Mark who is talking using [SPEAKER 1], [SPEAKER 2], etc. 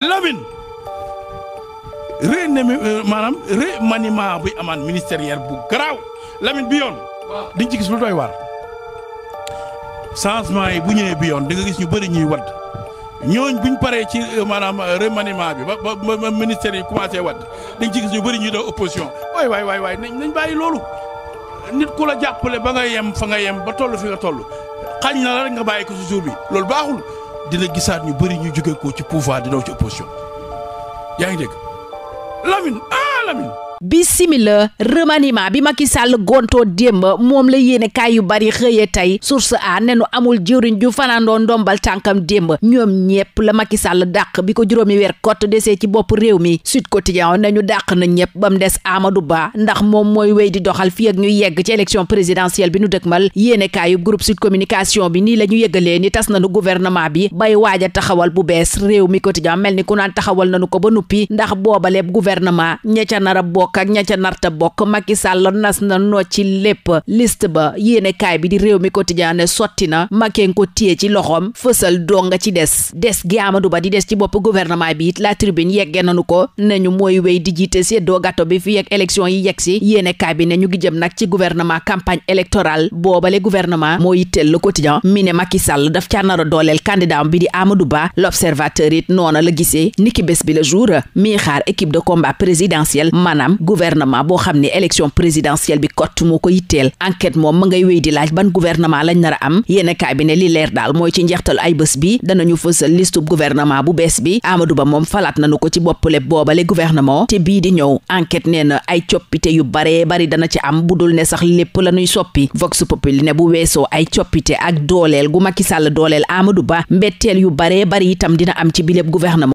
[SPEAKER 1] Lamine rénemi euh, maanaam remaniement buy amaan ministériel bu garaaw Lamine bi yoon di ci gis lu doy waar changement yi bu ñëwee bi yoon di nga gis ñu bëri ñuy wadd ñooñ buñ paree ci euh, maanaam euh, remaniement bi ba ba ministère yi commencé wadd dañ ci gis ñu bëri ñuy def opposition waay waay waay waay nañ bàyyi loolu nit kul la jàppale ba nga yem fa nga yem ba toll fi nga toll xañ na nga bàyyi ko si bi loolu baaxul dina gisaat ñu bëri ñu jóge koo ci pouvoir di daw ci opposition yaa ngi dégg Lamine
[SPEAKER 2] ah Lamine. bisimila remaniement bi Macky Sall gontoo démb moom la yéenekaay yu bari xëyee tey source a nu amul jëwriñ ju fanaandoo ndombal tànkam démb ñoom ñépp la Macky Sall dàq bi ko juróomi weer kott desee ci bopp réew mi Sud Quotidien nañu dàq na ñépp bam des amadu Ba ndax moom mooy wéy di doxal fi ak ñu yegg ci élection présidentielle bi nu dëkmal mal kaay yu groupe Sud Communication bi nii la ñu yëgalee ni tas nanu gouvernement bi bay waaja a taxawal bu bees réew mi Quotidien mel ni ku naan taxawal nanu ko ba nuppi ndax boobaleeb gouvernement ña ca nara bokk ak ña narta bokk Macky Sall nas na noo ci lépp liste ba yéene kaay bi di réew mi quotidien ne sotti na Macky ko téye ci loxoom fësal doo nga ci des des gi Amadou Ba di des ci bopp gouvernement bi it la tribune yeggee nañu ko ñu mooy wéy di jiite seddoo gato bi fi yegg élection yi yegg si yéene kaay bi ne ñu ngi jëm nag ci gouvernement campagne électorale boobale gouvernement moo yitteel le quotidien mi ne Macky Sall daf caa nar a dooleel candidat bi di Amadou Ba l'observateur it noona la gisee niki bés bi le jour mi xaar équipe de combat présidentielle maanaam gouvernement boo xam ne élection présidentielle bi kott moo ko yitteel enquête moom ma ngay wéy di laaj ban gouvernement lañ nar a am yéene kaay bi ne li leer daal mooy ci njeextal ay bës bi danañu fësal listub gouvernement bu bees bi amadu Ba moom falaat nañu ko ci boppale boobale gouvernement te bii di ñëw enquête nee na ay coppite yu bare bari dana ci am bu dul ne sax lépp la ñuy soppi Vox Populi ne bu weesoo ay coppite ak dooleel gu Macky Sall dooleel Amadou Ba mbetteel yu baree bari itam dina am ci bileb gouvernement